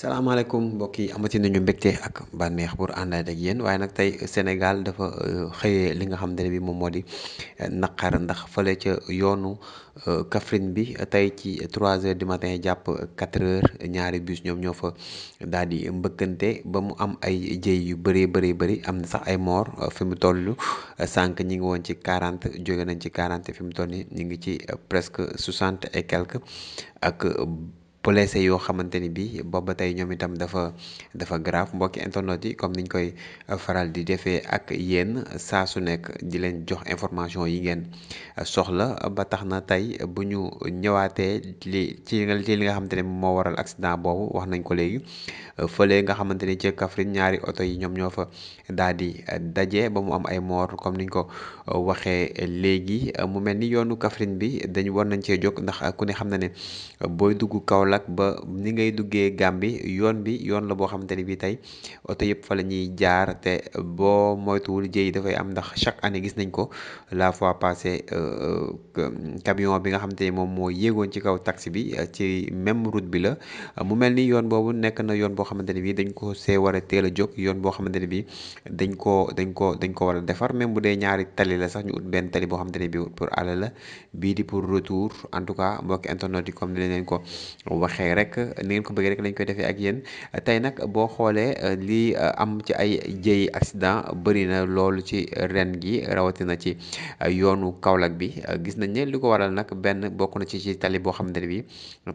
salaamaaleykum mbokk yi amati nañu mbégte ak bànneex pour ànd ak yéen waaye nag tey Sénégal dafa euh, xëyee li nga xam ne bi moom moo di euh, naqar ndax fële ca yoonu euh, Kaffrine bi tey ci trois heures du matin jàpp 4 heures ñaari bus ñoom ñoo fa daal di mbëkkante ba mu am ay jëy yu bëree bëri bëri am na sax ay moor fi mu toll sànq ñi ngi woon ci 40 jóge nañ ci 40 fi mu toll nii ñu ngi ci presque 60 et quelques ak. blessé yoo xamante ni bi booba tay ñoom itam dafa dafa grave mbokki internet yi comme niñ koy euh, faral di defee ak yenn saa su nekk di leen jox information yi ngeen euh, soxla ba tax na tey bu ñu ñëwaatee li ci li nga xamante ne moo waral accident boobu wax nañ ko léegi euh, fële nga xamante ni ci Kaffrine ñaari oto yi ñoom ñoo fa daal di daje ba mu am ay moor comme niñ ko waxee léegi mu mel ni yoonu Kaffrine bi dañu war nañ cee jóg ndax ku ne xam na ne booy dugg Kaolack ba ni ngay duggee Gàmbi yoon bi yoon la boo xamante ni bii tey oto yëpp fa la ñuy jaar te boo moytuwul jëy dafay am ndax chaque année gis nañ ko la fois passée euh, euh, camion bi nga xamante ni moom moo yéegoon ci kaw taxi bi euh, ci même route bi la mu mel ni yoon boobu nekk na yoon boo xamante ne bii dañ ko see teel a yoon boo xamante ne bii dañ koo dañ ko dañ ko war a defar même bu dee ñaari tali la sax ñu ut benn tali boo xamante ne bii pour àll la bii di pour retour en tout cas mbokki internet yi comme ni leen ko waxee rek ni ngeen ko bëggee rek lañ koy defee ak yéen tey nag boo xoolee euh, lii euh, am ci ay jëy accident bëri na loolu ci ren gi rawatina ci euh, yoonu Kaolack bi gis nañ ne li ko waral nag benn bokk na ci ci tali boo xamante ne bi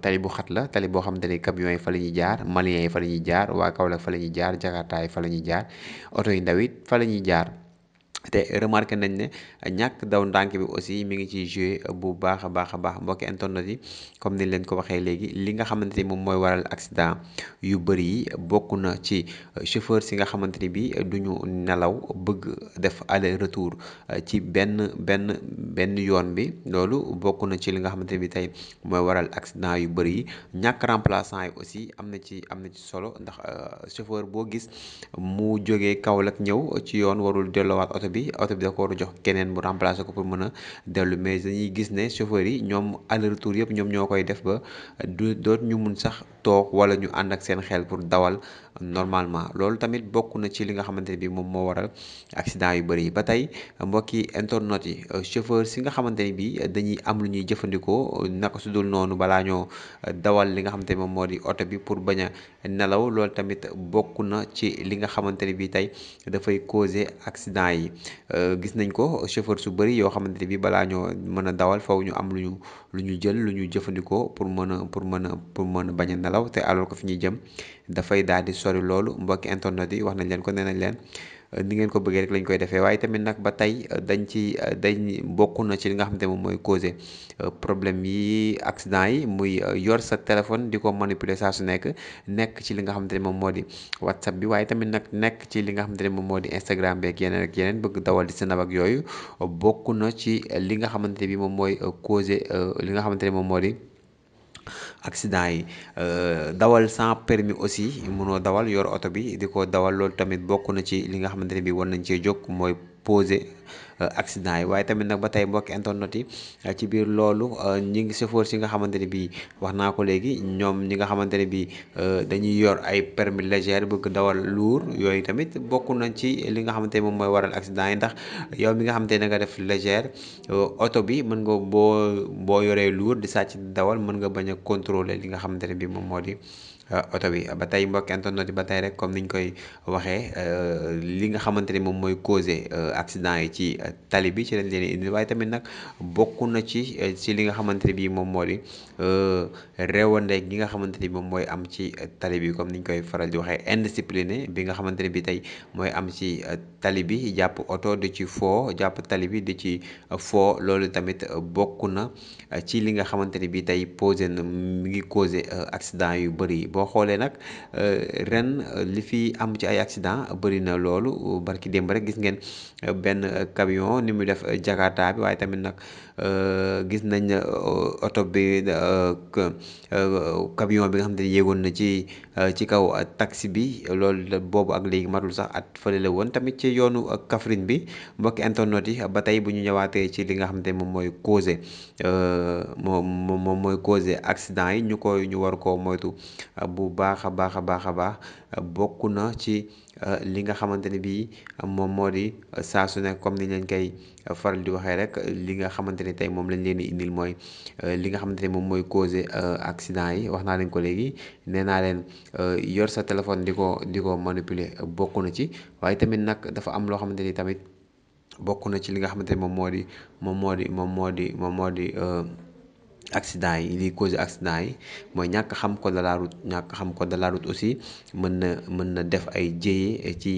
tali bu xat la tali boo xamante ne camions yi fa la ñuy jaar maliens yi fa la ñuy jaar waa Kaolack fa la ñuy jaar jakartaay fa la ñuy jaar oto yu ndaw it fa la ñuy jaar te remarqué nañ ne ñàkk daw ndànk bi aussi mi ngi ci joué bu baax a baax a baax mbokki internet yi comme ni leen ko waxee léegi li nga xamante ni moom mooy waral accident yu bëri yi bokk na ci chauffeur si nga xamante ni bii du nelaw bëgg def aller retour ci benn benn benn yoon bi loolu bokk na ci li nga xamante ni bii tey mooy waral accident yu bëri yi ñàkk remplaçant yi aussi am na ci am na ci solo ndax euh, chauffeur boo gis mu jógee Kaolack ñëw ci yoon warul delloowaat oto bi oto bi da ko jox keneen bu remplacer ko pour mën a dellu mais dañuy gis ne chauffeurs yi ñoom aller retour yëpp ñoom ñoo koy def ba du doot ñu mun sax toog wala ñu ànd ak seen xel pour dawal normalement loolu tamit bokk na ci li nga xamante ne bi moom moo waral accident yu bëri yi ba tey mbokki internet yi euh, chauffeur si nga xamante ne bi dañuy am lu ñuy jëfandikoo naka su dul noonu balaa ñoo euh, dawal li nga xamante ne moom moo di oto bi pour bañ nelaw loolu tamit bokk na ci li nga xamante ne bi tey dafay causer accident yi euh, gis nañ ko chauffeur su bëri yoo xamante ne bi balaa ñoo mën a dawal faw ñu am lu ñu lu ñu jël lu ñu jëfandikoo pour mën a pour mën a pour mën a bañ a nelaw te alors que fi ñuy jëm dafay daal di sori loolu mbokki internet yi wax nañ leen ko nee nañ leen euh, ni ngeen ko bëggee rek lañ koy defee waaye tamit nag ba tey euh, dañ ci euh, dañ bokk na ci li nga xamante ne moom mooy causé problème yi accident yi muy yor sa téléphone di ko manipuler saa su nekk nekk ci li nga xamante ne moom moo di whatsapp bi waaye tamit nag nekk ci li nga xamante ne moom moo di Instagram beeg yeneen ak yeneen bëgg dawal di Snap ak yooyu bokk na ci li nga xamante bi moom mooy causé li nga xamante ne moom moo di. accident yi euh, dawal sans permis aussi munoo dawal yor oto bi di ko dawal loolu tamit bokk na ci li nga xamante ne bi war nañ cee jóg mooy posé euh, accident yi waaye tamit nag ba tey mbokki internet yi euh, ci biir loolu euh, ñi ngi chauffeur si nga xamante ne bii wax naa ko léegi ñoom ñi nga xamante ne bii dañuy yor ay permis légère bëgg dawal lourd yooyu tamit bokk nañ ci li nga xamante ne moom mooy waral accident yi ndax yow mi nga xamante ne nga def légère oto bi mën nga boo boo yoree lourd di sàcc di dawal mën nga bañ a contrôler li nga xamante ne bii moom moo di Ah, oto bi ba tey mbokk internet yi ba tey rek comme niñ koy waxee euh, li nga xamante ni moom mooy causé euh, accident yi ci euh, tali bi ci waaye tamit nag bokk na ci ci li nga xamante ne bii moom moo di réewande gi nga xamante ni moom mooy am ci tali bi comme niñ koy faral di waxee indiscipliné bi nga xamante ne bii tey mooy am ci tali bi jàpp oto di ci foo jàpp tali bi di ci foo loolu tamit bokk na ci li nga xamante ni bii tey posé na mi ngi causé accident yu bëri. boo xoolee nag euh, ren euh, li fi am ci ay accident bëri na loolu barki démb rek gis ngeen euh, benn camion ni muy def jakarta bi waaye tamit nag Euh, gis nañ euh, oto bi euh, camion bi nga xam ne yéegoon na ci ci kaw taxi bi loolu boobu ak léegi matul sax at fële la woon tamit ci yoonu Kaffrine bi mbokki internet yi ba tey bu ñu ñëwaatee ci li nga xam ne moom mooy causé moom moom mooy causé accident yi ñu koy ñu war koo moytu bu baax a baax a baax a baax bokk na ci li nga xamante ne bii moom moo di saa su nekk comme ni leen koy faral di waxee rek li nga xamante ni tey moom lañ leen di indil mooy euh, li nga xamante ne moom mooy causé euh, accident yi wax naa leen ko léegi nee naa leen euh, yor sa téléphone di ko di ko manipuler bokk na ci waaye tamit nag dafa am loo xamante ni tamit bokk na ci li nga xamante ni moom moo di moom moo di moom moo di moom moo di accident yi liy cause accident yi mooy ñàkk xam ko de ñàkk xam ko de aussi mën na mën na def ay jéyee ci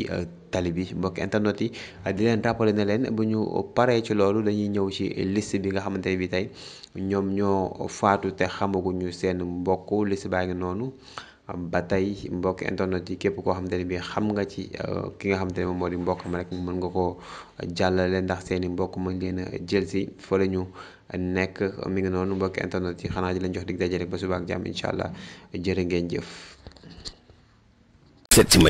tali bi mbokk internet yi di leen rappelé na leen bu ñu paree ci loolu dañuy ñëw ci liste bi nga xamante ne bi tey ñoom ñoo faatu te xamaguñu seen mbokk liste baa ngi noonu ba tey mbokk internet yi képp koo xamante ne bi xam nga ci euh, ki nga xamante ne moom moo di mbokk ma rek mën nga koo jàllale ndax seen i mbokk mën leen a jël si fa la ñu nekk mi ngi noonu mbokk internet yi xanaa di leen jox dig day rek ba suba ak jàmm allah jërë ngeen jëf. Setsima